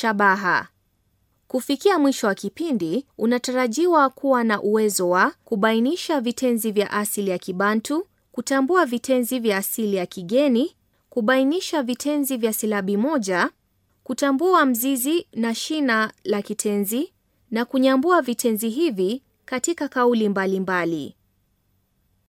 Shabaha. Kufikia mwisho wa kipindi, unatarajiwa kuwa na uwezo wa kubainisha vitenzi vya asili ya Kibantu, kutambua vitenzi vya asili ya kigeni, kubainisha vitenzi vya silabi moja, kutambua mzizi na shina la kitenzi na kunyambua vitenzi hivi katika kauli mbalimbali mbali.